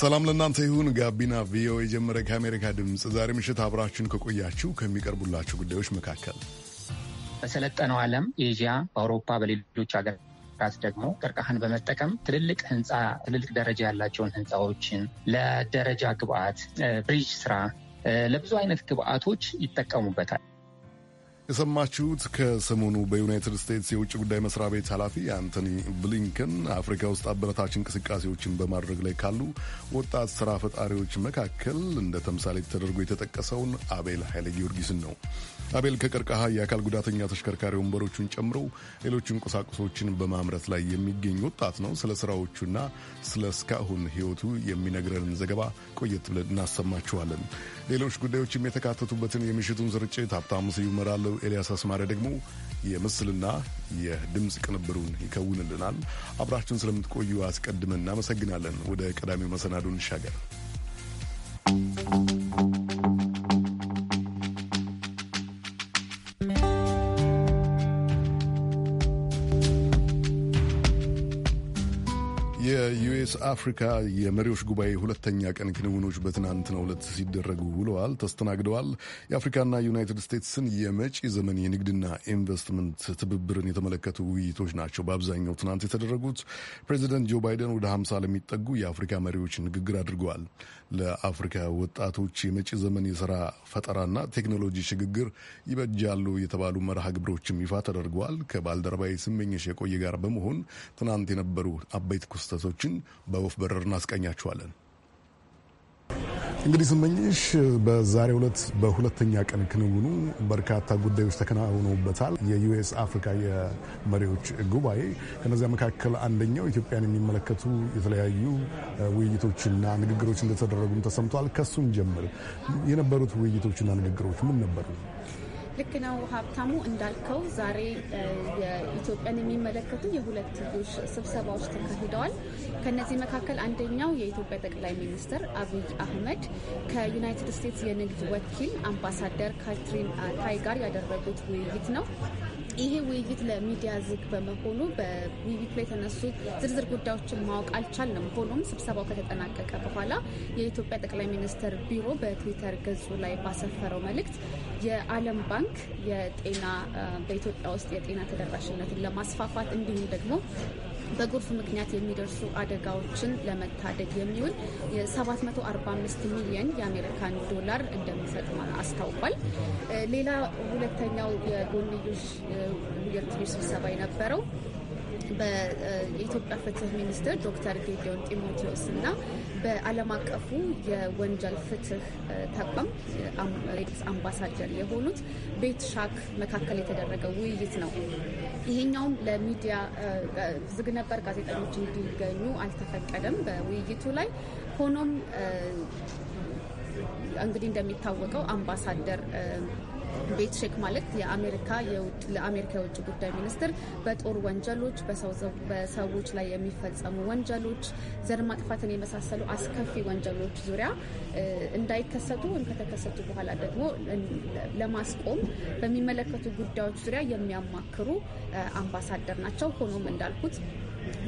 ሰላም ለእናንተ ይሁን። ጋቢና ቪኦኤ የጀመረ ከአሜሪካ ድምፅ ዛሬ ምሽት አብራችሁን ከቆያችሁ ከሚቀርቡላችሁ ጉዳዮች መካከል በሰለጠነው ዓለም ኤዥያ፣ በአውሮፓ፣ በሌሎች ሀገራት ደግሞ ቀርከሃን በመጠቀም ትልልቅ ህንፃ ትልልቅ ደረጃ ያላቸውን ህንፃዎችን ለደረጃ ግብአት፣ ብሪጅ ስራ፣ ለብዙ አይነት ግብአቶች ይጠቀሙበታል። የሰማችሁት ከሰሞኑ በዩናይትድ ስቴትስ የውጭ ጉዳይ መስሪያ ቤት ኃላፊ አንቶኒ ብሊንከን አፍሪካ ውስጥ አበረታች እንቅስቃሴዎችን በማድረግ ላይ ካሉ ወጣት ስራ ፈጣሪዎች መካከል እንደ ተምሳሌ ተደርጎ የተጠቀሰውን አቤል ኃይለ ጊዮርጊስን ነው። አቤል ከቀርከሃ የአካል ጉዳተኛ ተሽከርካሪ ወንበሮቹን ጨምሮ ሌሎች እንቁሳቁሶችን በማምረት ላይ የሚገኝ ወጣት ነው። ስለ ስራዎቹና ስለ እስካሁን ህይወቱ የሚነግረንን ዘገባ ቆየት ብለን እናሰማችኋለን። ሌሎች ጉዳዮችም የተካተቱበትን የምሽቱን ስርጭት ሀብታሙ ስዩም እመራለሁ። ኤልያስ አስማሪ ደግሞ የምስልና የድምፅ ቅንብሩን ይከውንልናል። አብራችን ስለምትቆዩ አስቀድመን እናመሰግናለን። ወደ ቀዳሚው መሰናዶ እንሻገር። የኤስ አፍሪካ የመሪዎች ጉባኤ ሁለተኛ ቀን ክንውኖች በትናንትናው ዕለት ሲደረጉ ውለዋል፣ ተስተናግደዋል። የአፍሪካና ዩናይትድ ስቴትስን የመጪ ዘመን የንግድና ኢንቨስትመንት ትብብርን የተመለከቱ ውይይቶች ናቸው በአብዛኛው ትናንት የተደረጉት። ፕሬዚደንት ጆ ባይደን ወደ ሀምሳ ለሚጠጉ የአፍሪካ መሪዎች ንግግር አድርገዋል። ለአፍሪካ ወጣቶች የመጪ ዘመን የስራ ፈጠራና ቴክኖሎጂ ሽግግር ይበጃሉ የተባሉ መርሃ ግብሮችም ይፋ ተደርገዋል። ከባልደረባዊ ስመኝሽ የቆየ ጋር በመሆን ትናንት የነበሩ አበይት ክስተቶችን በወፍ በረር እናስቀኛቸዋለን። እንግዲህ ስመኝሽ በዛሬው ዕለት በሁለተኛ ቀን ክንውኑ በርካታ ጉዳዮች ተከናውነውበታል። የዩኤስ አፍሪካ የመሪዎች ጉባኤ ከነዚያ መካከል አንደኛው ኢትዮጵያን የሚመለከቱ የተለያዩ ውይይቶችና ንግግሮች እንደተደረጉም ተሰምቷል። ከሱን ጀምር የነበሩት ውይይቶችና ንግግሮች ምን ነበሩ? ልክ ነው ሀብታሙ እንዳልከው ዛሬ የኢትዮጵያን የሚመለከቱ የሁለትዮሽ ስብሰባዎች ተካሂደዋል። ከነዚህ መካከል አንደኛው የኢትዮጵያ ጠቅላይ ሚኒስትር አብይ አህመድ ከዩናይትድ ስቴትስ የንግድ ወኪል አምባሳደር ካትሪን ታይ ጋር ያደረጉት ውይይት ነው። ይሄ ውይይት ለሚዲያ ዝግ በመሆኑ በውይይቱ ላይ የተነሱ ዝርዝር ጉዳዮችን ማወቅ አልቻልንም። ሆኖም ስብሰባው ከተጠናቀቀ በኋላ የኢትዮጵያ ጠቅላይ ሚኒስትር ቢሮ በትዊተር ገጹ ላይ ባሰፈረው መልእክት የዓለም ባንክ የጤና በኢትዮጵያ ውስጥ የጤና ተደራሽነትን ለማስፋፋት እንዲሁም ደግሞ በጎርፍ ምክንያት የሚደርሱ አደጋዎችን ለመታደግ የሚውል የ745 ሚሊዮን የአሜሪካን ዶላር እንደሚሰጥ አስታውቋል። ሌላ ሁለተኛው የጎንዮሽ ሁለትዮሽ ስብሰባ የነበረው በኢትዮጵያ ፍትህ ሚኒስትር ዶክተር ጌዲዮን ጢሞቴዎስ እና በዓለም አቀፉ የወንጀል ፍትህ ተቋም አምባሳደር የሆኑት ቤት ሻክ መካከል የተደረገ ውይይት ነው። ይሄኛውም ለሚዲያ ዝግ ነበር፣ ጋዜጠኞች እንዲገኙ አልተፈቀደም በውይይቱ ላይ ሆኖም እንግዲህ እንደሚታወቀው አምባሳደር ቤት ሼክ ማለት የአሜሪካ ለአሜሪካ የውጭ ጉዳይ ሚኒስትር በጦር ወንጀሎች፣ በሰዎች ላይ የሚፈጸሙ ወንጀሎች፣ ዘር ማጥፋትን የመሳሰሉ አስከፊ ወንጀሎች ዙሪያ እንዳይከሰቱ ወይም ከተከሰቱ በኋላ ደግሞ ለማስቆም በሚመለከቱ ጉዳዮች ዙሪያ የሚያማክሩ አምባሳደር ናቸው። ሆኖም እንዳልኩት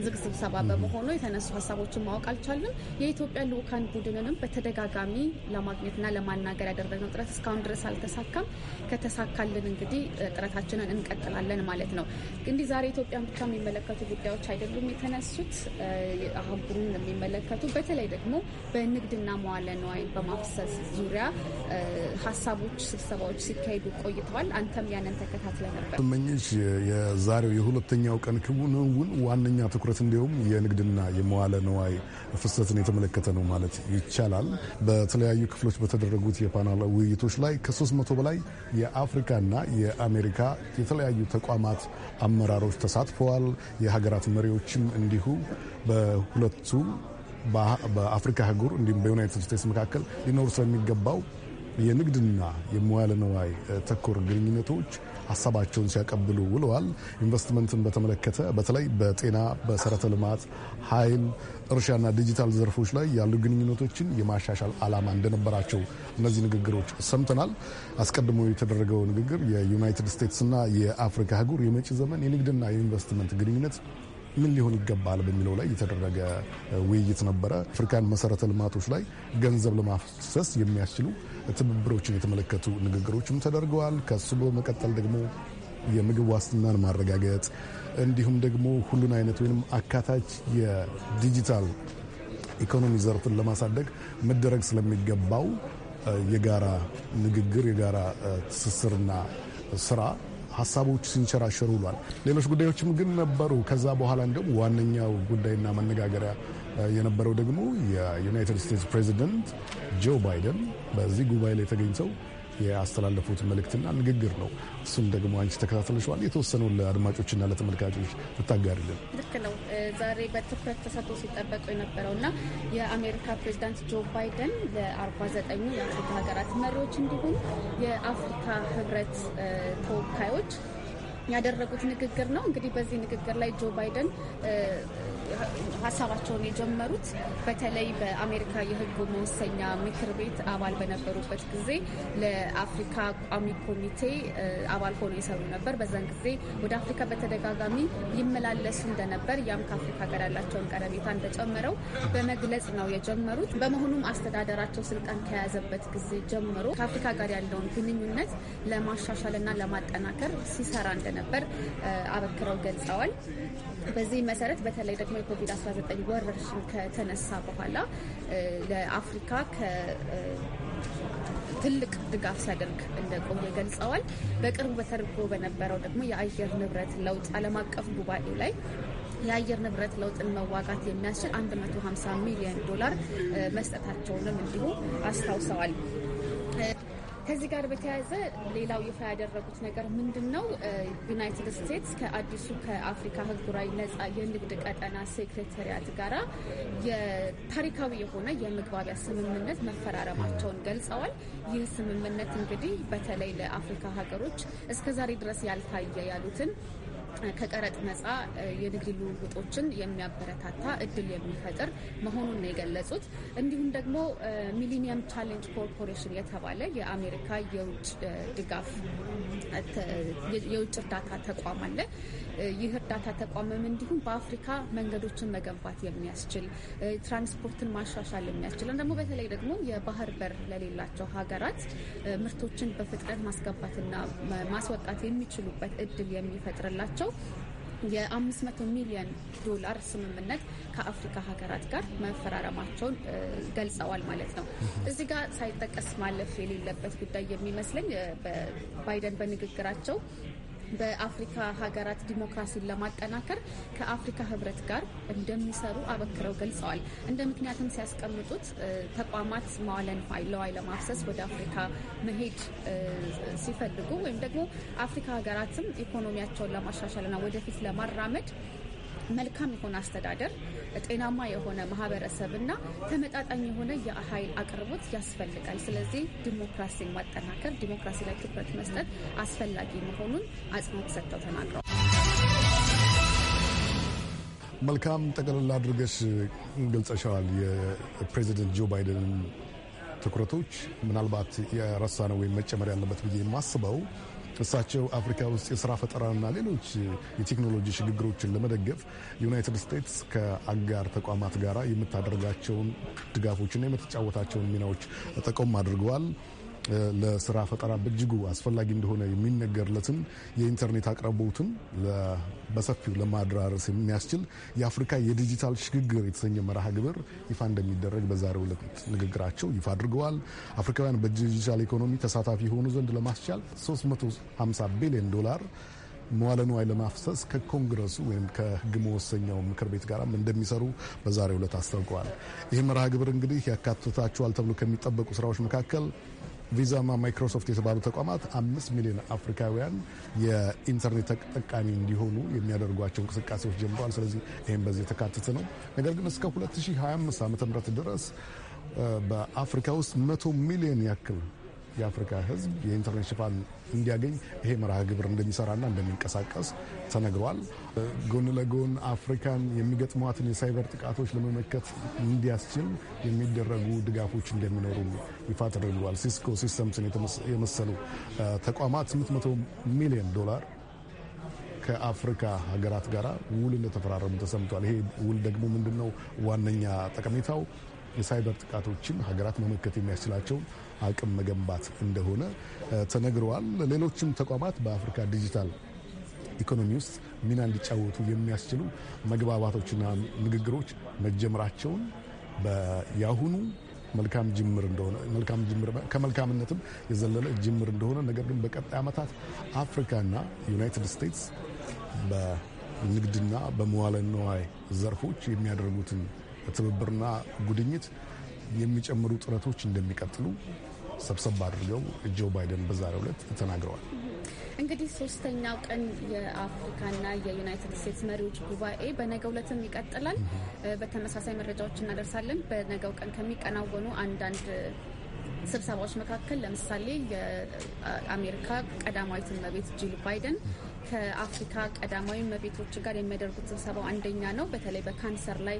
ዝግ ስብሰባ በመሆኑ የተነሱ ሀሳቦችን ማወቅ አልቻልንም። የኢትዮጵያ ልዑካን ቡድንንም በተደጋጋሚ ለማግኘትና ለማናገር ያደረግነው ጥረት እስካሁን ድረስ አልተሳካም። ከተሳካልን እንግዲህ ጥረታችንን እንቀጥላለን ማለት ነው። እንዲህ ዛሬ ኢትዮጵያን ብቻ የሚመለከቱ ጉዳዮች አይደሉም የተነሱት አህጉሩን የሚመለከቱ በተለይ ደግሞ በንግድና መዋለ ንዋይን በማፍሰስ ዙሪያ ሀሳቦች፣ ስብሰባዎች ሲካሄዱ ቆይተዋል። አንተም ያንን ተከታትለ ነበር። መኝሽ የዛሬው የሁለተኛው ቀን ክንውን ዋነኛ ትኩረት እንዲሁም የንግድና የመዋለ ነዋይ ፍሰትን የተመለከተ ነው ማለት ይቻላል። በተለያዩ ክፍሎች በተደረጉት የፓናል ውይይቶች ላይ ከሶስት መቶ በላይ የአፍሪካና የአሜሪካ የተለያዩ ተቋማት አመራሮች ተሳትፈዋል። የሀገራት መሪዎችም እንዲሁ በሁለቱ በአፍሪካ ህጉር እንዲሁም በዩናይትድ ስቴትስ መካከል ሊኖር ስለሚገባው የንግድና የመዋለ ነዋይ ተኮር ግንኙነቶች ሀሳባቸውን ሲያቀብሉ ውለዋል። ኢንቨስትመንትን በተመለከተ በተለይ በጤና፣ በሰረተ ልማት፣ ኃይል፣ እርሻና ዲጂታል ዘርፎች ላይ ያሉ ግንኙነቶችን የማሻሻል ዓላማ እንደነበራቸው እነዚህ ንግግሮች ሰምተናል። አስቀድሞ የተደረገው ንግግር የዩናይትድ ስቴትስና የአፍሪካ አህጉር የመጪ ዘመን የንግድና የኢንቨስትመንት ግንኙነት ምን ሊሆን ይገባል በሚለው ላይ የተደረገ ውይይት ነበረ። አፍሪካን መሰረተ ልማቶች ላይ ገንዘብ ለማፍሰስ የሚያስችሉ ትብብሮችን የተመለከቱ ንግግሮችም ተደርገዋል። ከሱ በመቀጠል ደግሞ የምግብ ዋስትናን ማረጋገጥ እንዲሁም ደግሞ ሁሉን አይነት ወይም አካታች የዲጂታል ኢኮኖሚ ዘርፍን ለማሳደግ መደረግ ስለሚገባው የጋራ ንግግር፣ የጋራ ትስስርና ስራ ሀሳቦች ሲንሸራሸሩ ውሏል። ሌሎች ጉዳዮችም ግን ነበሩ። ከዛ በኋላ እንደም ዋነኛው ጉዳይና መነጋገሪያ የነበረው ደግሞ የዩናይትድ ስቴትስ ፕሬዚደንት ጆ ባይደን በዚህ ጉባኤ ላይ ተገኝተው ያስተላለፉት መልእክትና ንግግር ነው። እሱን ደግሞ አንቺ ተከታተለሽዋል። የተወሰነውን ለአድማጮችና ለተመልካቾች ልታጋሪልን። ልክ ነው። ዛሬ በትኩረት ተሰጥቶ ሲጠበቀው የነበረውና የአሜሪካ ፕሬዚዳንት ጆ ባይደን ለአርባ ዘጠኙ የአፍሪካ ሀገራት መሪዎች እንዲሁም የአፍሪካ ህብረት ተወካዮች ያደረጉት ንግግር ነው። እንግዲህ በዚህ ንግግር ላይ ጆ ባይደን ሀሳባቸውን የጀመሩት በተለይ በአሜሪካ የህግ መወሰኛ ምክር ቤት አባል በነበሩበት ጊዜ ለአፍሪካ ቋሚ ኮሚቴ አባል ሆኖ የሰሩ ነበር። በዛን ጊዜ ወደ አፍሪካ በተደጋጋሚ ይመላለሱ እንደነበር ያም ከአፍሪካ ጋር ያላቸውን ቀረቤታ እንደጨመረው በመግለጽ ነው የጀመሩት። በመሆኑም አስተዳደራቸው ስልጣን ከያዘበት ጊዜ ጀምሮ ከአፍሪካ ጋር ያለውን ግንኙነት ለማሻሻልና ለማጠናከር ሲሰራ እንደነበር አበክረው ገልጸዋል። በዚህ መሰረት በተለይ ደግሞ የኮቪድ-19 ወረርሽኝ ከተነሳ በኋላ ለአፍሪካ ትልቅ ድጋፍ ሲያደርግ እንደቆየ ገልጸዋል። በቅርቡ በተደርጎ በነበረው ደግሞ የአየር ንብረት ለውጥ ዓለም አቀፍ ጉባኤ ላይ የአየር ንብረት ለውጥን መዋጋት የሚያስችል 150 ሚሊዮን ዶላር መስጠታቸውንም እንዲሁ አስታውሰዋል። ከዚህ ጋር በተያያዘ ሌላው ይፋ ያደረጉት ነገር ምንድን ነው? ዩናይትድ ስቴትስ ከአዲሱ ከአፍሪካ ህጉራዊ ነጻ የንግድ ቀጠና ሴክሬታሪያት ጋራ ታሪካዊ የሆነ የመግባቢያ ስምምነት መፈራረማቸውን ገልጸዋል። ይህ ስምምነት እንግዲህ በተለይ ለአፍሪካ ሀገሮች እስከዛሬ ድረስ ያልታየ ያሉትን ከቀረጥ ነጻ የንግድ ልውውጦችን የሚያበረታታ እድል የሚፈጥር መሆኑን ነው የገለጹት። እንዲሁም ደግሞ ሚሊኒየም ቻሌንጅ ኮርፖሬሽን የተባለ የአሜሪካ የውጭ ድጋፍ የውጭ እርዳታ ተቋም አለ። ይህ እርዳታ ተቋምም እንዲሁም በአፍሪካ መንገዶችን መገንባት የሚያስችል ትራንስፖርትን ማሻሻል የሚያስችል ደግሞ በተለይ ደግሞ የባህር በር ለሌላቸው ሀገራት ምርቶችን በፍጥነት ማስገባትና ማስወጣት የሚችሉበት እድል የሚፈጥርላቸው የ500 ሚሊዮን ዶላር ስምምነት ከአፍሪካ ሀገራት ጋር መፈራረማቸውን ገልጸዋል ማለት ነው። እዚህ ጋር ሳይጠቀስ ማለፍ የሌለበት ጉዳይ የሚመስለኝ ባይደን በንግግራቸው በአፍሪካ ሀገራት ዲሞክራሲን ለማጠናከር ከአፍሪካ ህብረት ጋር እንደሚሰሩ አበክረው ገልጸዋል። እንደ ምክንያትም ሲያስቀምጡት ተቋማት መዋለ ንዋይ ለማፍሰስ ወደ አፍሪካ መሄድ ሲፈልጉ ወይም ደግሞ አፍሪካ ሀገራትም ኢኮኖሚያቸውን ለማሻሻልና ወደፊት ለማራመድ መልካም የሆነ አስተዳደር ጤናማ የሆነ ማህበረሰብና ተመጣጣኝ የሆነ የኃይል አቅርቦት ያስፈልጋል። ስለዚህ ዲሞክራሲን ማጠናከር፣ ዲሞክራሲ ላይ ትኩረት መስጠት አስፈላጊ መሆኑን አጽንኦት ሰጥተው ተናግረዋል። መልካም ጠቅልላ አድርገሽ ገልጸሻዋል። የፕሬዚደንት ጆ ባይደንን ትኩረቶች ምናልባት የረሳ ነው ወይም መጨመር ያለበት ብዬ የማስበው እሳቸው አፍሪካ ውስጥ የስራ ፈጠራና ሌሎች የቴክኖሎጂ ሽግግሮችን ለመደገፍ ዩናይትድ ስቴትስ ከአጋር ተቋማት ጋር የምታደርጋቸውን ድጋፎችና የምትጫወታቸውን ሚናዎች ጠቆም አድርገዋል። ለስራ ፈጠራ በእጅጉ አስፈላጊ እንደሆነ የሚነገርለትን የኢንተርኔት አቅርቦትን በሰፊው ለማድራረስ የሚያስችል የአፍሪካ የዲጂታል ሽግግር የተሰኘ መርሃ ግብር ይፋ እንደሚደረግ በዛሬው ዕለት ንግግራቸው ይፋ አድርገዋል። አፍሪካውያን በዲጂታል ኢኮኖሚ ተሳታፊ የሆኑ ዘንድ ለማስቻል 350 ቢሊዮን ዶላር መዋለ ንዋይ ለማፍሰስ ከኮንግረሱ ወይም ከህግ መወሰኛው ምክር ቤት ጋርም እንደሚሰሩ በዛሬው ዕለት አስታውቀዋል። ይህ መርሃ ግብር እንግዲህ ያካትታቸዋል ተብሎ ከሚጠበቁ ስራዎች መካከል ቪዛማ ማይክሮሶፍት የተባሉ ተቋማት አምስት ሚሊዮን አፍሪካውያን የኢንተርኔት ተጠቃሚ እንዲሆኑ የሚያደርጓቸው እንቅስቃሴዎች ጀምረዋል። ስለዚህ ይህም በዚህ የተካተተ ነው። ነገር ግን እስከ 2025 ዓ ም ድረስ በአፍሪካ ውስጥ መቶ ሚሊዮን ያክል የአፍሪካ ህዝብ የኢንተርኔት ሽፋን እንዲያገኝ ይሄ መርሃ ግብር እንደሚሰራና እንደሚንቀሳቀስ ተነግሯል። ጎን ለጎን አፍሪካን የሚገጥሟትን የሳይበር ጥቃቶች ለመመከት እንዲያስችል የሚደረጉ ድጋፎች እንደሚኖሩ ይፋ ተደርጓል። ሲስኮ ሲስተምስን የመሰሉ ተቋማት 800 ሚሊዮን ዶላር ከአፍሪካ ሀገራት ጋር ውል እንደተፈራረሙ ተሰምቷል። ይሄ ውል ደግሞ ምንድን ነው ዋነኛ ጠቀሜታው? የሳይበር ጥቃቶችን ሀገራት መመከት የሚያስችላቸውን አቅም መገንባት እንደሆነ ተነግረዋል። ሌሎችም ተቋማት በአፍሪካ ዲጂታል ኢኮኖሚ ውስጥ ሚና እንዲጫወቱ የሚያስችሉ መግባባቶችና ንግግሮች መጀመራቸውን የአሁኑ መልካም ጅምር እንደሆነ መልካም ጅምር ከመልካምነትም የዘለለ ጅምር እንደሆነ ነገር ግን በቀጣይ ዓመታት አፍሪካና ዩናይትድ ስቴትስ በንግድና በመዋለ ዘርፎች የሚያደርጉትን ትብብርና ጉድኝት የሚጨምሩ ጥረቶች እንደሚቀጥሉ ሰብሰብ አድርገው ጆ ባይደን በዛሬው ዕለት ተናግረዋል። እንግዲህ ሶስተኛው ቀን የአፍሪካና የዩናይትድ ስቴትስ መሪዎች ጉባኤ በነገው ዕለትም ይቀጥላል። በተመሳሳይ መረጃዎች እናደርሳለን። በነገው ቀን ከሚቀናወኑ አንዳንድ ስብሰባዎች መካከል ለምሳሌ የአሜሪካ ቀዳማዊት እመቤት ጂል ባይደን ከአፍሪካ ቀዳማዊ እመቤቶች ጋር የሚያደርጉት ስብሰባው አንደኛ ነው። በተለይ በካንሰር ላይ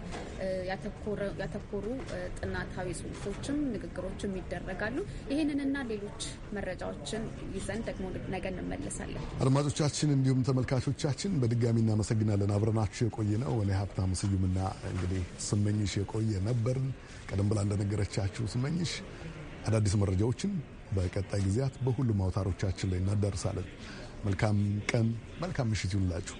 ያተኮሩ ጥናታዊ ጽሁፎችም ንግግሮችም ይደረጋሉ። ይህንንና ሌሎች መረጃዎችን ይዘን ደግሞ ነገ እንመለሳለን። አድማጮቻችን፣ እንዲሁም ተመልካቾቻችን በድጋሚ እናመሰግናለን። አብረናችሁ የቆየ ነው እኔ ሀብታሙ ስዩምና እንግዲህ ስመኝሽ የቆየ ነበርን። ቀደም ብላ እንደነገረቻችሁ ስመኝሽ አዳዲስ መረጃዎችን በቀጣይ ጊዜያት በሁሉም አውታሮቻችን ላይ እናደርሳለን። መልካም ቀን፣ መልካም ምሽት ይሁንላችሁ።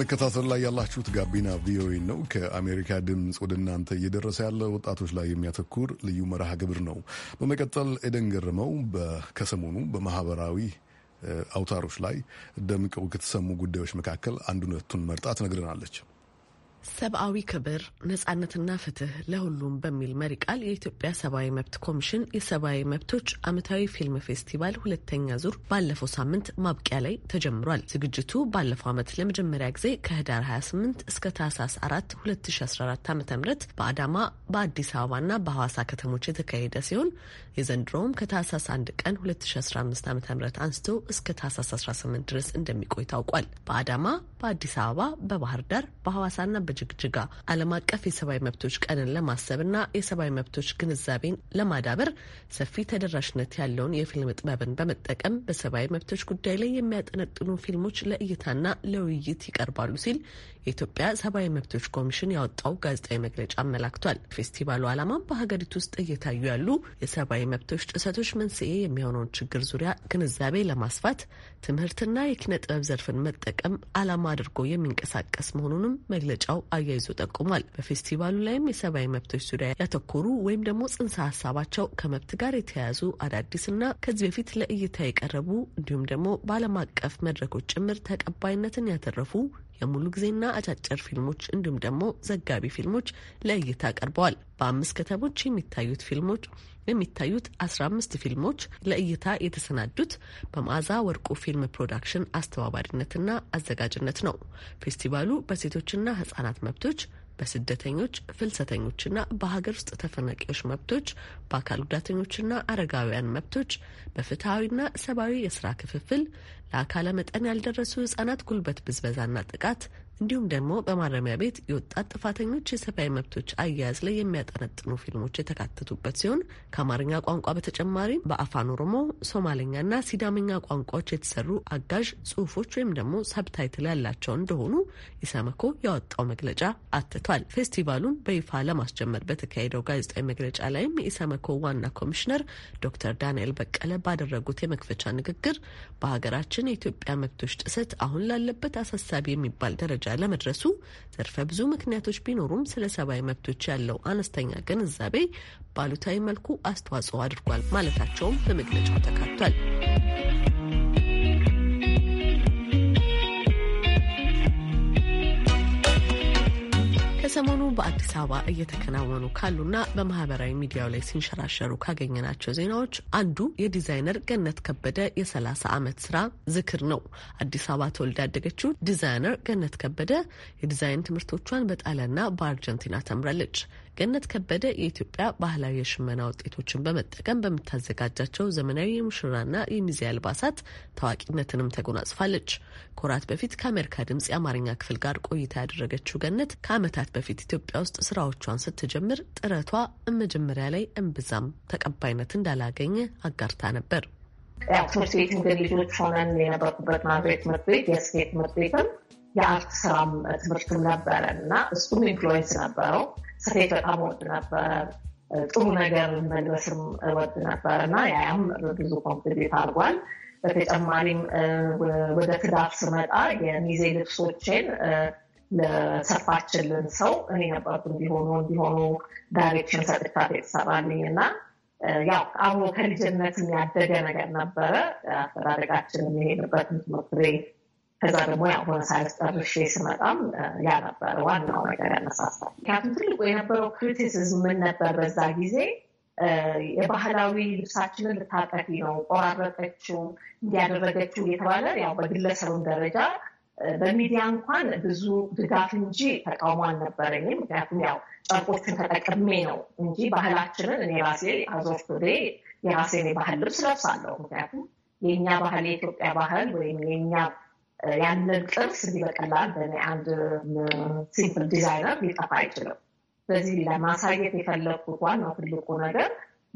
በመከታተል ላይ ያላችሁት ጋቢና ቪኦኤ ነው። ከአሜሪካ ድምፅ ወደ እናንተ እየደረሰ ያለ ወጣቶች ላይ የሚያተኩር ልዩ መርሃ ግብር ነው። በመቀጠል ኤደን ገርመው ከሰሞኑ በማህበራዊ አውታሮች ላይ ደምቀው ከተሰሙ ጉዳዮች መካከል አንዱ ነቱን መርጣ ትነግረናለች። ሰብአዊ ክብር ነጻነትና ፍትህ ለሁሉም በሚል መሪ ቃል የኢትዮጵያ ሰብአዊ መብት ኮሚሽን የሰብአዊ መብቶች ዓመታዊ ፊልም ፌስቲቫል ሁለተኛ ዙር ባለፈው ሳምንት ማብቂያ ላይ ተጀምሯል። ዝግጅቱ ባለፈው ዓመት ለመጀመሪያ ጊዜ ከህዳር 28 እስከ ታህሳስ 4 2014 ዓ ም በአዳማ በአዲስ አበባና በሐዋሳ ከተሞች የተካሄደ ሲሆን የዘንድሮውም ከታህሳስ 1 ቀን 2015 ዓ ም አንስቶ እስከ ታህሳስ 18 ድረስ እንደሚቆይ ታውቋል። በአዳማ በአዲስ አበባ በባህር ዳር በሐዋሳና በጅግጅጋ ዓለም አቀፍ የሰብአዊ መብቶች ቀንን ለማሰብና የሰብአዊ መብቶች ግንዛቤን ለማዳበር ሰፊ ተደራሽነት ያለውን የፊልም ጥበብን በመጠቀም በሰብአዊ መብቶች ጉዳይ ላይ የሚያጠነጥኑ ፊልሞች ለእይታና ለውይይት ይቀርባሉ ሲል የኢትዮጵያ ሰብአዊ መብቶች ኮሚሽን ያወጣው ጋዜጣዊ መግለጫ አመላክቷል። ፌስቲቫሉ ዓላማም በሀገሪቱ ውስጥ እየታዩ ያሉ የሰብአዊ መብቶች ጥሰቶች መንስኤ የሚሆነውን ችግር ዙሪያ ግንዛቤ ለማስፋት ትምህርትና የኪነ ጥበብ ዘርፍን መጠቀም ዓላማ አድርጎ የሚንቀሳቀስ መሆኑንም መግለጫው አያይዞ ጠቁሟል። በፌስቲቫሉ ላይም የሰብአዊ መብቶች ዙሪያ ያተኮሩ ወይም ደግሞ ጽንሰ ሀሳባቸው ከመብት ጋር የተያያዙ አዳዲስና ከዚህ በፊት ለእይታ የቀረቡ እንዲሁም ደግሞ በዓለም አቀፍ መድረኮች ጭምር ተቀባይነትን ያተረፉ የሙሉ ጊዜና አጫጭር ፊልሞች እንዲሁም ደግሞ ዘጋቢ ፊልሞች ለእይታ ቀርበዋል። በአምስት ከተሞች የሚታዩት ፊልሞች የሚታዩት 15 ፊልሞች ለእይታ የተሰናዱት በመዓዛ ወርቁ ፊልም ፕሮዳክሽን አስተባባሪነትና አዘጋጅነት ነው። ፌስቲቫሉ በሴቶችና ህጻናት መብቶች በስደተኞች ፍልሰተኞችና በሀገር ውስጥ ተፈናቂዎች መብቶች፣ በአካል ጉዳተኞችና አረጋውያን መብቶች፣ በፍትሐዊና ሰብአዊ የስራ ክፍፍል፣ ለአካለ መጠን ያልደረሱ ህጻናት ጉልበት ብዝበዛና ጥቃት፣ እንዲሁም ደግሞ በማረሚያ ቤት የወጣት ጥፋተኞች የሰብአዊ መብቶች አያያዝ ላይ የሚያጠነጥኑ ፊልሞች የተካተቱበት ሲሆን ከአማርኛ ቋንቋ በተጨማሪ በአፋን ኦሮሞ፣ ሶማሌኛና ሲዳምኛ ቋንቋዎች የተሰሩ አጋዥ ጽሁፎች ወይም ደግሞ ሰብታይትል ያላቸው እንደሆኑ ኢሰመኮ ያወጣው መግለጫ አትቷል። ፌስቲቫሉን በይፋ ለማስጀመር በተካሄደው ጋዜጣዊ መግለጫ ላይም የኢሰመኮ ዋና ኮሚሽነር ዶክተር ዳንኤል በቀለ ባደረጉት የመክፈቻ ንግግር በሀገራችን የኢትዮጵያ መብቶች ጥሰት አሁን ላለበት አሳሳቢ የሚባል ደረጃ ደረጃ ለመድረሱ ዘርፈ ብዙ ምክንያቶች ቢኖሩም ስለ ሰብአዊ መብቶች ያለው አነስተኛ ግንዛቤ ባሉታዊ መልኩ አስተዋጽኦ አድርጓል ማለታቸውም በመግለጫው ተካቷል። ከሰሞኑ በአዲስ አበባ እየተከናወኑ ካሉና በማህበራዊ ሚዲያው ላይ ሲንሸራሸሩ ካገኘናቸው ዜናዎች አንዱ የዲዛይነር ገነት ከበደ የ30 ዓመት ስራ ዝክር ነው። አዲስ አበባ ተወልዳ ያደገችው ዲዛይነር ገነት ከበደ የዲዛይን ትምህርቶቿን በጣሊያንና በአርጀንቲና ተምራለች። ገነት ከበደ የኢትዮጵያ ባህላዊ የሽመና ውጤቶችን በመጠቀም በምታዘጋጃቸው ዘመናዊ የሙሽራና የሚዜ አልባሳት ታዋቂነትንም ተጎናጽፋለች። ኮራት በፊት ከአሜሪካ ድምጽ የአማርኛ ክፍል ጋር ቆይታ ያደረገችው ገነት ከዓመታት በፊት ኢትዮጵያ ውስጥ ስራዎቿን ስትጀምር ጥረቷ መጀመሪያ ላይ እምብዛም ተቀባይነት እንዳላገኘ አጋርታ ነበር። ትምህርት ቤት እንደ ልጆች ሆነን የነበርኩበት ማህበራዊ ትምህርት ቤት የስፌት ትምህርት ቤትም የአርት ስራም ትምህርትም ነበረ እና እሱም ኢንፍሉዌንስ ነበረው። ስፌት በጣም ወድ ነበር። ጥሩ ነገር መልበስም ወድ ነበር እና ያም ብዙ ኮምፕሊት አድርጓል። በተጨማሪም ወደ ትዳር ስመጣ የሚዜ ልብሶቼን ለሰፋችልን ሰው እኔ ነበርኩ እንዲሆኑ እንዲሆኑ ዳይሬክሽን ሰጥቻት የተሰራልኝ እና ያው አብሮ ከልጅነት ያደገ ነገር ነበረ። አስተዳደጋችን የሚሄድበት ትምህርት ቤት ከዛ ደግሞ ያሆነ ሳያስጠርሽ ስመጣም ያ ዋናው ነገር ያነሳሳል። ምክንያቱም ትልቁ የነበረው ክሪቲሲዝም ምን ነበር በዛ ጊዜ የባህላዊ ልብሳችንን ልታጠፊ ነው፣ ቆራረጠችው፣ እንዲያደረገችው እየተባለ ያው በግለሰቡን ደረጃ በሚዲያ እንኳን ብዙ ድጋፍ እንጂ ተቃውሞ አልነበረኝም። ምክንያቱም ያው ጨርቆችን ተጠቅሜ ነው እንጂ ባህላችንን እኔ ራሴ አዞፍ የራሴ የራሴን የባህል ልብስ ለብሳለሁ። ምክንያቱም የእኛ ባህል የኢትዮጵያ ባህል ወይም የእኛ ያንን ቅርስ እንዲህ በቀላል አንድ ሲምፕል ዲዛይነር ሊጠፋ አይችልም። ስለዚህ ለማሳየት የፈለግኩት ዋናው ትልቁ ነገር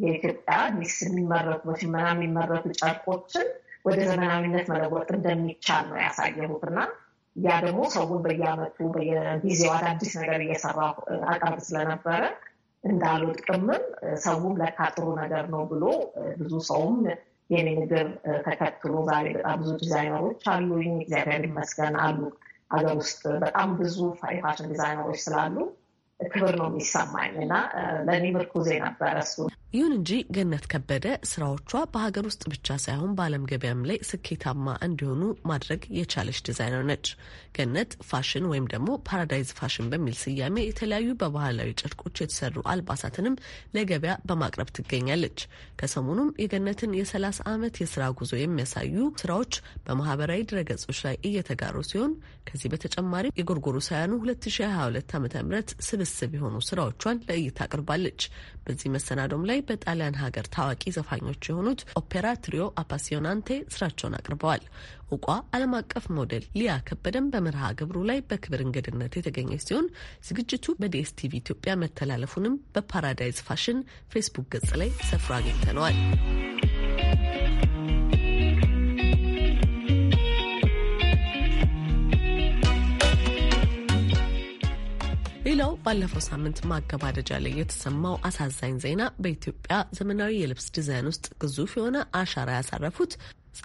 የኢትዮጵያ ሚስ የሚመረቱ በሽመና የሚመረቱ ጨርቆችን ወደ ዘመናዊነት መለወጥ እንደሚቻል ነው ያሳየሁት እና ያ ደግሞ ሰውን በየዓመቱ በየጊዜው አዳዲስ ነገር እየሰራ አቀርብ ስለነበረ እንዳልወድቅምም ሰውም ለካ ጥሩ ነገር ነው ብሎ ብዙ ሰውም የኔ ምግብ ተከትሎ ዛሬ በጣም ብዙ ዲዛይነሮች አሉ። እግዚአብሔር ይመስገን አሉ። ሀገር ውስጥ በጣም ብዙ ፋሽን ዲዛይነሮች ስላሉ ክብር ነው የሚሰማኝ እና ለእኔ ምርኩዜ ነበረ እሱ። ይሁን እንጂ ገነት ከበደ ስራዎቿ በሀገር ውስጥ ብቻ ሳይሆን በዓለም ገበያም ላይ ስኬታማ እንዲሆኑ ማድረግ የቻለች ዲዛይነር ነች። ገነት ፋሽን ወይም ደግሞ ፓራዳይዝ ፋሽን በሚል ስያሜ የተለያዩ በባህላዊ ጨርቆች የተሰሩ አልባሳትንም ለገበያ በማቅረብ ትገኛለች። ከሰሞኑም የገነትን የሰላሳ ዓመት የስራ ጉዞ የሚያሳዩ ስራዎች በማህበራዊ ድረገጾች ላይ እየተጋሩ ሲሆን ከዚህ በተጨማሪ የጎርጎሮሳውያኑ 2022 ዓ ም ስብስብ የሆኑ ስራዎቿን ለእይታ አቅርባለች። በዚህ መሰናዶም ላይ በጣሊያን ሀገር ታዋቂ ዘፋኞች የሆኑት ኦፔራ ትሪዮ አፓሲዮናንቴ ስራቸውን አቅርበዋል። እውቋ ዓለም አቀፍ ሞዴል ሊያ ከበደን በመርሃ ግብሩ ላይ በክብር እንግድነት የተገኘች ሲሆን ዝግጅቱ በዲኤስቲቪ ኢትዮጵያ መተላለፉንም በፓራዳይዝ ፋሽን ፌስቡክ ገጽ ላይ ሰፍሮ አግኝተነዋል። ሌላው ባለፈው ሳምንት ማገባደጃ ላይ የተሰማው አሳዛኝ ዜና በኢትዮጵያ ዘመናዊ የልብስ ዲዛይን ውስጥ ግዙፍ የሆነ አሻራ ያሳረፉት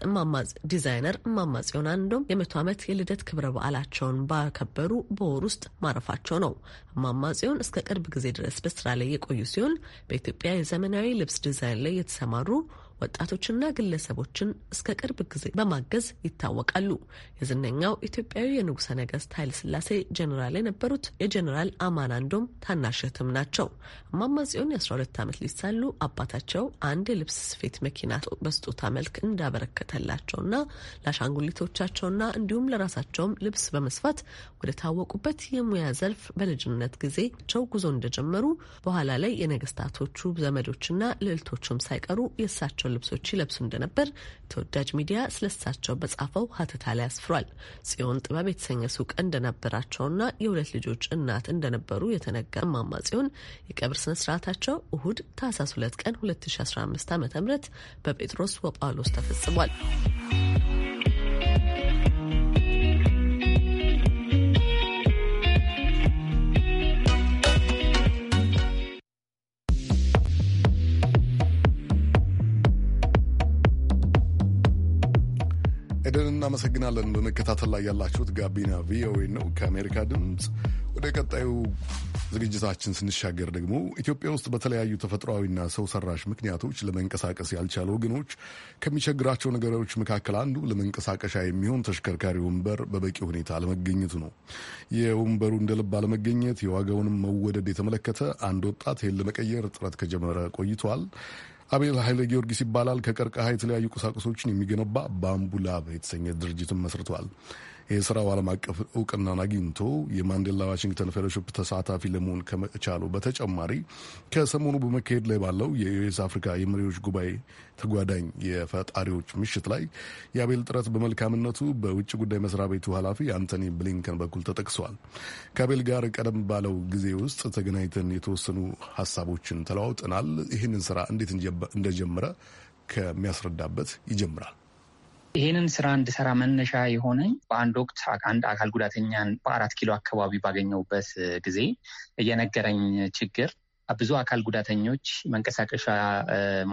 እማማጽ ዲዛይነር እማማ ጽዮን አንዶም የመቶ ዓመት የልደት ክብረ በዓላቸውን ባከበሩ በወር ውስጥ ማረፋቸው ነው። እማማ እስከ ቅርብ ጊዜ ድረስ በስራ ላይ የቆዩ ሲሆን በኢትዮጵያ የዘመናዊ ልብስ ዲዛይን ላይ የተሰማሩ ወጣቶችና ግለሰቦችን እስከ ቅርብ ጊዜ በማገዝ ይታወቃሉ። የዝነኛው ኢትዮጵያዊ የንጉሠ ነገሥት ኃይለሥላሴ ጀኔራል የነበሩት የጀኔራል አማናንዶም ታናሽ እህትም ናቸው። እማማጽዮን የ12 ዓመት ሊሳሉ አባታቸው አንድ የልብስ ስፌት መኪና በስጦታ መልክ እንዳበረከተላቸውና ለአሻንጉሊቶቻቸውና እንዲሁም ለራሳቸውም ልብስ በመስፋት ወደ ታወቁበት የሙያ ዘርፍ በልጅነት ጊዜያቸው ጉዞ እንደጀመሩ በኋላ ላይ የነገስታቶቹ ዘመዶችና ልዕልቶችም ሳይቀሩ የእሳቸው የለበሷቸው ልብሶች ይለብሱ እንደነበር ተወዳጅ ሚዲያ ስለሳቸው በጻፈው ሀተታ ላይ አስፍሯል። ጽዮን ጥበብ የተሰኘ ሱቅ እንደነበራቸውና የሁለት ልጆች እናት እንደነበሩ የተነጋ እማማ ጽዮን የቀብር ስነ እሁድ ታህሳስ 2 ቀን 2015 ዓ ም በጴጥሮስ ወጳውሎስ ተፈጽሟል። እናመሰግናለን። በመከታተል ላይ ያላችሁት ጋቢና ቪኦኤ ነው ከአሜሪካ ድምፅ። ወደ ቀጣዩ ዝግጅታችን ስንሻገር ደግሞ ኢትዮጵያ ውስጥ በተለያዩ ተፈጥሯዊና ሰው ሰራሽ ምክንያቶች ለመንቀሳቀስ ያልቻሉ ወገኖች ከሚቸግራቸው ነገሮች መካከል አንዱ ለመንቀሳቀሻ የሚሆን ተሽከርካሪ ወንበር በበቂ ሁኔታ አለመገኘቱ ነው። የወንበሩ እንደ ልብ አለመገኘት የዋጋውንም መወደድ የተመለከተ አንድ ወጣት ይህን ለመቀየር ጥረት ከጀመረ ቆይቷል። አቤል ኃይለ ጊዮርጊስ ይባላል። ከቀርከሃ የተለያዩ ቁሳቁሶችን የሚገነባ ባምቡላብ የተሰኘ ድርጅትን መስርቷል። የስራው ዓለም አቀፍ እውቅናን አግኝቶ የማንዴላ ዋሽንግተን ፌሎሺፕ ተሳታፊ ለመሆን ከመቻሉ በተጨማሪ ከሰሞኑ በመካሄድ ላይ ባለው የዩኤስ አፍሪካ የመሪዎች ጉባኤ ተጓዳኝ የፈጣሪዎች ምሽት ላይ የአቤል ጥረት በመልካምነቱ በውጭ ጉዳይ መስሪያ ቤቱ ኃላፊ አንቶኒ ብሊንከን በኩል ተጠቅሷል። ከአቤል ጋር ቀደም ባለው ጊዜ ውስጥ ተገናኝተን የተወሰኑ ሀሳቦችን ተለዋውጠናል። ይህንን ስራ እንዴት እንደጀመረ ከሚያስረዳበት ይጀምራል። ይህንን ስራ እንድሰራ መነሻ የሆነኝ በአንድ ወቅት አንድ አካል ጉዳተኛን በአራት ኪሎ አካባቢ ባገኘውበት ጊዜ እየነገረኝ ችግር ብዙ አካል ጉዳተኞች መንቀሳቀሻ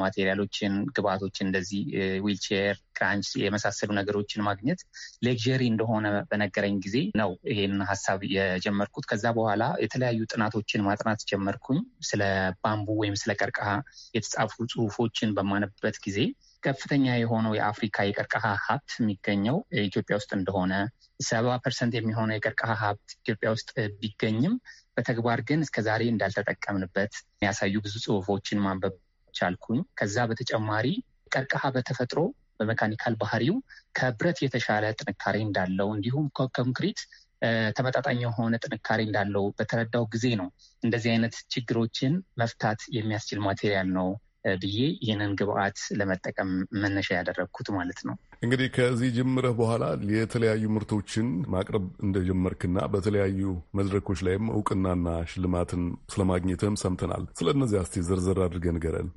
ማቴሪያሎችን፣ ግባቶችን እንደዚህ ዊልቼር፣ ክራንች የመሳሰሉ ነገሮችን ማግኘት ሌክዠሪ እንደሆነ በነገረኝ ጊዜ ነው ይሄን ሀሳብ የጀመርኩት። ከዛ በኋላ የተለያዩ ጥናቶችን ማጥናት ጀመርኩኝ። ስለ ባምቡ ወይም ስለ ቀርቀሃ የተጻፉ ጽሁፎችን በማነብበት ጊዜ ከፍተኛ የሆነው የአፍሪካ የቀርቀሃ ሀብት የሚገኘው ኢትዮጵያ ውስጥ እንደሆነ ሰባ ፐርሰንት የሚሆነው የቀርቀሃ ሀብት ኢትዮጵያ ውስጥ ቢገኝም በተግባር ግን እስከዛሬ እንዳልተጠቀምንበት የሚያሳዩ ብዙ ጽሁፎችን ማንበብ ቻልኩኝ። ከዛ በተጨማሪ ቀርቀሃ በተፈጥሮ በመካኒካል ባህሪው ከብረት የተሻለ ጥንካሬ እንዳለው እንዲሁም ከኮንክሪት ተመጣጣኝ የሆነ ጥንካሬ እንዳለው በተረዳው ጊዜ ነው እንደዚህ አይነት ችግሮችን መፍታት የሚያስችል ማቴሪያል ነው ብዬ ይህንን ግብአት ለመጠቀም መነሻ ያደረግኩት ማለት ነው። እንግዲህ ከዚህ ጀምረህ በኋላ የተለያዩ ምርቶችን ማቅረብ እንደጀመርክና በተለያዩ መድረኮች ላይም እውቅናና ሽልማትን ስለማግኘትም ሰምተናል። ስለ እነዚህ አስቲ ዝርዝር አድርገህ ንገረን።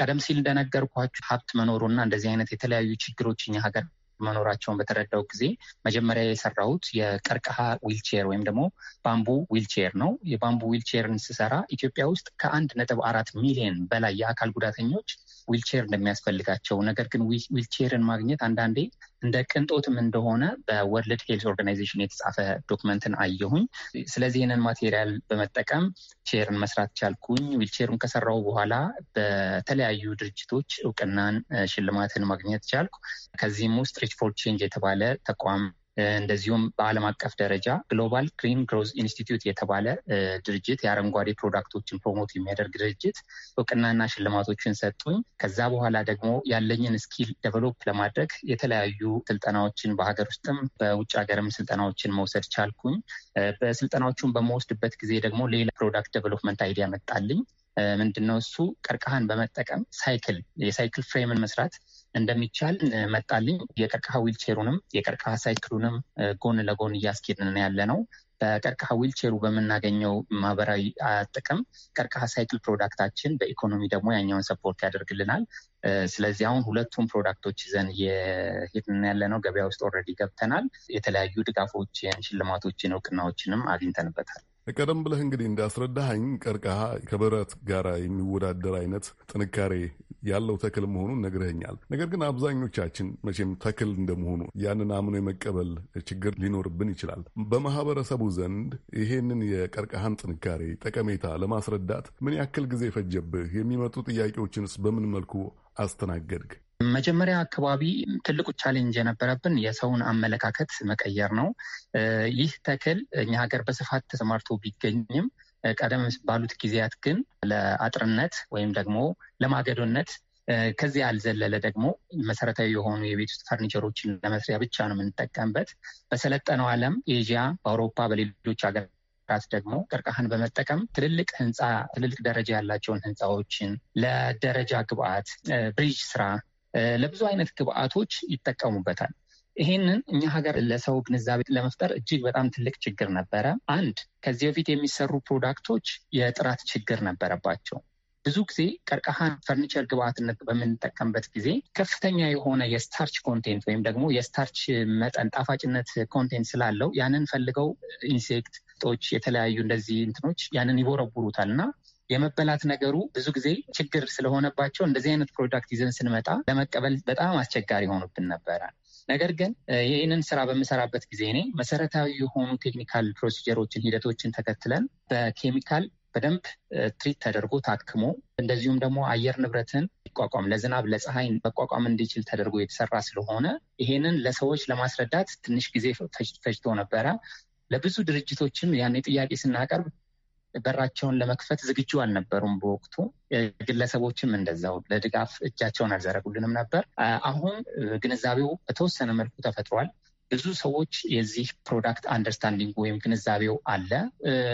ቀደም ሲል እንደነገርኳችሁ ሀብት መኖሩና እንደዚህ አይነት የተለያዩ ችግሮች እኛ ሀገር መኖራቸውን በተረዳው ጊዜ መጀመሪያ የሰራሁት የቀርቀሃ ዊልቼር ወይም ደግሞ ባምቡ ዊልቼር ነው። የባምቡ ዊልቼርን ስሰራ ኢትዮጵያ ውስጥ ከአንድ ነጥብ አራት ሚሊዮን በላይ የአካል ጉዳተኞች ዊልቼር እንደሚያስፈልጋቸው ነገር ግን ዊልቼርን ማግኘት አንዳንዴ እንደ ቅንጦትም እንደሆነ በወርልድ ሄልት ኦርጋናይዜሽን የተጻፈ ዶክመንትን አየሁኝ። ስለዚህ ይህንን ማቴሪያል በመጠቀም ቼርን መስራት ቻልኩኝ። ዊልቼሩን ከሰራው በኋላ በተለያዩ ድርጅቶች እውቅናን፣ ሽልማትን ማግኘት ቻልኩ። ከዚህም ውስጥ ሪች ፎር ቼንጅ የተባለ ተቋም እንደዚሁም በዓለም አቀፍ ደረጃ ግሎባል ግሪን ግሮዝ ኢንስቲትዩት የተባለ ድርጅት የአረንጓዴ ፕሮዳክቶችን ፕሮሞት የሚያደርግ ድርጅት እውቅናና ሽልማቶችን ሰጡኝ። ከዛ በኋላ ደግሞ ያለኝን ስኪል ደቨሎፕ ለማድረግ የተለያዩ ስልጠናዎችን በሀገር ውስጥም በውጭ ሀገርም ስልጠናዎችን መውሰድ ቻልኩኝ። በስልጠናዎቹን በመወስድበት ጊዜ ደግሞ ሌላ ፕሮዳክት ደቨሎፕመንት አይዲያ መጣልኝ። ምንድነው እሱ ቀርቀሃን በመጠቀም ሳይክል የሳይክል ፍሬምን መስራት እንደሚቻል መጣልኝ። የቀርከሃ ዊልቼሩንም የቀርከሃ ሳይክሉንም ጎን ለጎን እያስኬድን ያለ ነው። በቀርከሃ ዊልቼሩ በምናገኘው ማህበራዊ ጥቅም ቀርከሃ ሳይክል ፕሮዳክታችን በኢኮኖሚ ደግሞ ያኛውን ሰፖርት ያደርግልናል። ስለዚህ አሁን ሁለቱም ፕሮዳክቶች ይዘን የሄድን ያለ ነው። ገበያ ውስጥ ኦልሬዲ ገብተናል። የተለያዩ ድጋፎችን፣ ሽልማቶችን፣ እውቅናዎችንም አግኝተንበታል። ቀደም ብለህ እንግዲህ እንዳስረዳኸኝ ቀርከሃ ከብረት ጋር የሚወዳደር አይነት ጥንካሬ ያለው ተክል መሆኑን ነግረኛል። ነገር ግን አብዛኞቻችን መቼም ተክል እንደመሆኑ ያንን አምኖ የመቀበል ችግር ሊኖርብን ይችላል። በማህበረሰቡ ዘንድ ይሄንን የቀርከሃን ጥንካሬ ጠቀሜታ ለማስረዳት ምን ያክል ጊዜ ፈጀብህ? የሚመጡ ጥያቄዎችንስ በምን መልኩ አስተናገድግ? መጀመሪያ አካባቢ ትልቁ ቻሌንጅ የነበረብን የሰውን አመለካከት መቀየር ነው። ይህ ተክል እኛ ሀገር በስፋት ተሰማርቶ ቢገኝም ቀደም ባሉት ጊዜያት ግን ለአጥርነት ወይም ደግሞ ለማገዶነት ከዚህ ያልዘለለ ደግሞ መሰረታዊ የሆኑ የቤት ውስጥ ፈርኒቸሮችን ለመስሪያ ብቻ ነው የምንጠቀምበት። በሰለጠነው ዓለም ኤዥያ፣ በአውሮፓ፣ በሌሎች ሀገራት ደግሞ ቀርከሃን በመጠቀም ትልልቅ ህንፃ ትልልቅ ደረጃ ያላቸውን ህንፃዎችን ለደረጃ ግብአት፣ ብሪጅ ስራ ለብዙ አይነት ግብአቶች ይጠቀሙበታል። ይህንን እኛ ሀገር ለሰው ግንዛቤ ለመፍጠር እጅግ በጣም ትልቅ ችግር ነበረ። አንድ ከዚህ በፊት የሚሰሩ ፕሮዳክቶች የጥራት ችግር ነበረባቸው። ብዙ ጊዜ ቀርከሃን ፈርኒቸር ግብአትነት በምንጠቀምበት ጊዜ ከፍተኛ የሆነ የስታርች ኮንቴንት ወይም ደግሞ የስታርች መጠን ጣፋጭነት ኮንቴንት ስላለው ያንን ፈልገው ጦች የተለያዩ እንደዚህ እንትኖች ያንን ይቦረቡሩታል እና የመበላት ነገሩ ብዙ ጊዜ ችግር ስለሆነባቸው እንደዚህ አይነት ፕሮዳክት ይዘን ስንመጣ ለመቀበል በጣም አስቸጋሪ ሆኑብን ነበረ። ነገር ግን ይህንን ስራ በምሰራበት ጊዜ እኔ መሰረታዊ የሆኑ ቴክኒካል ፕሮሲጀሮችን፣ ሂደቶችን ተከትለን በኬሚካል በደንብ ትሪት ተደርጎ ታክሞ እንደዚሁም ደግሞ አየር ንብረትን ይቋቋም ለዝናብ ለፀሐይ መቋቋም እንዲችል ተደርጎ የተሰራ ስለሆነ ይሄንን ለሰዎች ለማስረዳት ትንሽ ጊዜ ፈጅቶ ነበረ። ለብዙ ድርጅቶችም ያኔ ጥያቄ ስናቀርብ በራቸውን ለመክፈት ዝግጁ አልነበሩም በወቅቱ። ግለሰቦችም እንደዛው ለድጋፍ እጃቸውን አልዘረጉልንም ነበር። አሁን ግንዛቤው በተወሰነ መልኩ ተፈጥሯል። ብዙ ሰዎች የዚህ ፕሮዳክት አንደርስታንዲንግ ወይም ግንዛቤው አለ።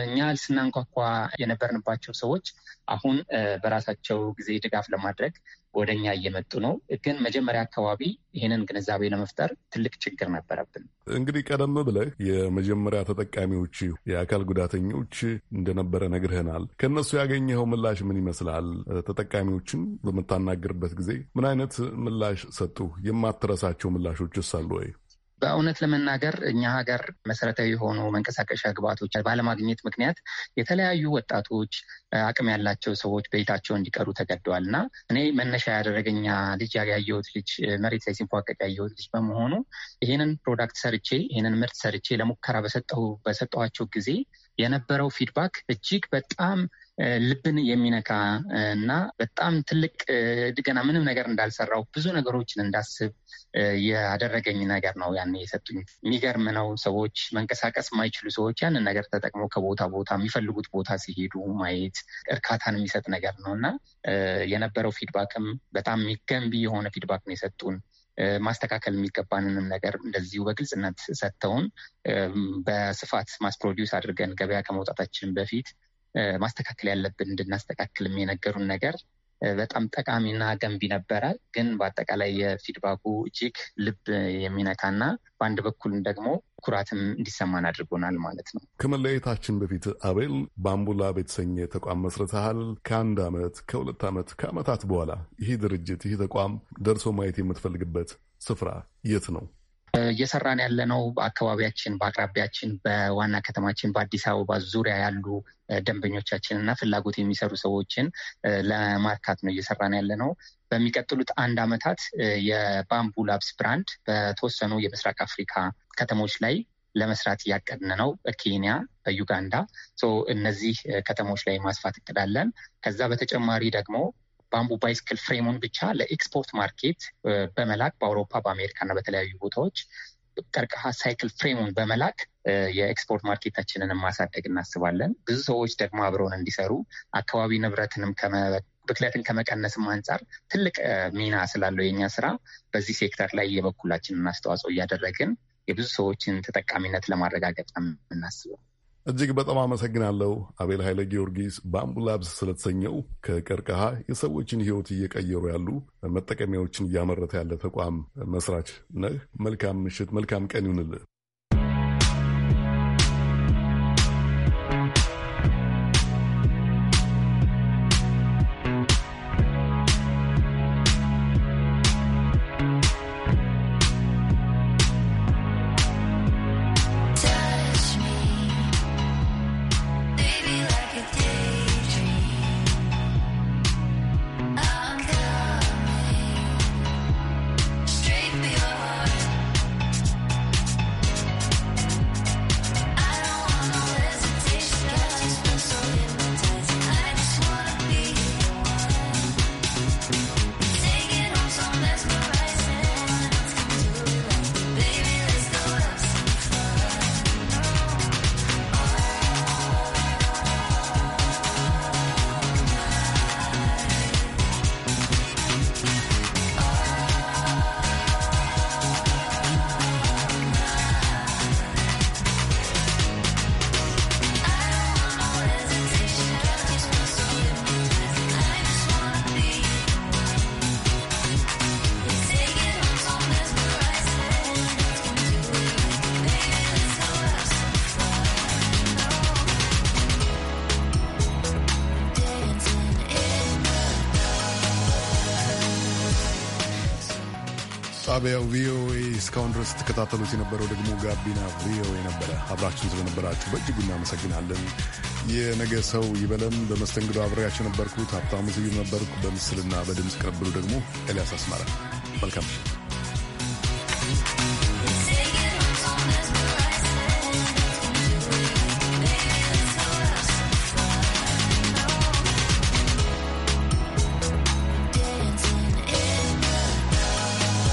እኛ ስናንኳኳ የነበርንባቸው ሰዎች አሁን በራሳቸው ጊዜ ድጋፍ ለማድረግ ወደኛ እየመጡ ነው። ግን መጀመሪያ አካባቢ ይህንን ግንዛቤ ለመፍጠር ትልቅ ችግር ነበረብን። እንግዲህ ቀደም ብለህ የመጀመሪያ ተጠቃሚዎች የአካል ጉዳተኞች እንደነበረ ነግርህናል። ከእነሱ ያገኘኸው ምላሽ ምን ይመስላል? ተጠቃሚዎችን በምታናግርበት ጊዜ ምን አይነት ምላሽ ሰጡ? የማትረሳቸው ምላሾችስ አሉ ወይ? በእውነት ለመናገር እኛ ሀገር መሰረታዊ የሆኑ መንቀሳቀሻ ግብዓቶች ባለማግኘት ምክንያት የተለያዩ ወጣቶች አቅም ያላቸው ሰዎች በቤታቸው እንዲቀሩ ተገደዋል እና እኔ መነሻ ያደረገኛ ልጅ ያየሁት ልጅ መሬት ላይ ሲንፏቀቅ ያየሁት ልጅ በመሆኑ ይህንን ፕሮዳክት ሰርቼ ይህንን ምርት ሰርቼ ለሙከራ በሰጠኋቸው ጊዜ የነበረው ፊድባክ እጅግ በጣም ልብን የሚነካ እና በጣም ትልቅ ገና ምንም ነገር እንዳልሰራው ብዙ ነገሮችን እንዳስብ ያደረገኝ ነገር ነው። ያን የሰጡኝ የሚገርም ነው። ሰዎች መንቀሳቀስ የማይችሉ ሰዎች ያንን ነገር ተጠቅሞ ከቦታ ቦታ የሚፈልጉት ቦታ ሲሄዱ ማየት እርካታን የሚሰጥ ነገር ነው እና የነበረው ፊድባክም በጣም ገንቢ የሆነ ፊድባክ ነው የሰጡን። ማስተካከል የሚገባንንም ነገር እንደዚሁ በግልጽነት ሰጥተውን በስፋት ማስፕሮዲውስ አድርገን ገበያ ከመውጣታችን በፊት ማስተካከል ያለብን እንድናስተካክልም የነገሩን ነገር በጣም ጠቃሚና ገንቢ ነበረ። ግን በአጠቃላይ የፊድባኩ እጅግ ልብ የሚነካና በአንድ በኩል ደግሞ ኩራትም እንዲሰማን አድርጎናል ማለት ነው። ከመለያየታችን በፊት አቤል በአምቡላ የተሰኘ ተቋም መስርተሃል። ከአንድ ዓመት ከሁለት ዓመት ከዓመታት በኋላ ይህ ድርጅት ይህ ተቋም ደርሶ ማየት የምትፈልግበት ስፍራ የት ነው? እየሰራን ያለነው በአካባቢያችን በአቅራቢያችን በዋና ከተማችን በአዲስ አበባ ዙሪያ ያሉ ደንበኞቻችን እና ፍላጎት የሚሰሩ ሰዎችን ለማርካት ነው እየሰራን ያለነው። በሚቀጥሉት አንድ ዓመታት የባምቡ ላብስ ብራንድ በተወሰኑ የምስራቅ አፍሪካ ከተሞች ላይ ለመስራት እያቀድን ነው። በኬንያ፣ በዩጋንዳ እነዚህ ከተሞች ላይ ማስፋት እቅዳለን። ከዛ በተጨማሪ ደግሞ ባምቡ ባይስክል ፍሬሙን ብቻ ለኤክስፖርት ማርኬት በመላክ በአውሮፓ በአሜሪካ እና በተለያዩ ቦታዎች ቀርቀሃ ሳይክል ፍሬሙን በመላክ የኤክስፖርት ማርኬታችንን ማሳደግ እናስባለን። ብዙ ሰዎች ደግሞ አብረውን እንዲሰሩ አካባቢ ንብረትንም ብክለትን ከመቀነስም አንጻር ትልቅ ሚና ስላለው የኛ ስራ በዚህ ሴክተር ላይ የበኩላችንን አስተዋጽኦ እያደረግን የብዙ ሰዎችን ተጠቃሚነት ለማረጋገጥ ነው የምናስበው። እጅግ በጣም አመሰግናለሁ አቤል ኃይለ ጊዮርጊስ በአምቡላብስ ስለተሰኘው ከቀርከሃ የሰዎችን ሕይወት እየቀየሩ ያሉ መጠቀሚያዎችን እያመረተ ያለ ተቋም መስራች ነህ። መልካም ምሽት፣ መልካም ቀን ይሁንልህ። ጣቢያው ቪኦኤ እስካሁን ድረስ ስትከታተሉት የነበረው ደግሞ ጋቢና ቪኦኤ ነበረ። አብራችሁን ስለነበራችሁ በእጅጉ እናመሰግናለን። የነገ ሰው ይበለን። በመስተንግዶ አብሬያቸው ነበርኩት ሀብታሙ ስዩም ነበርኩ። በምስልና በድምፅ ቅንብሩ ደግሞ ኤልያስ አስማራ። መልካም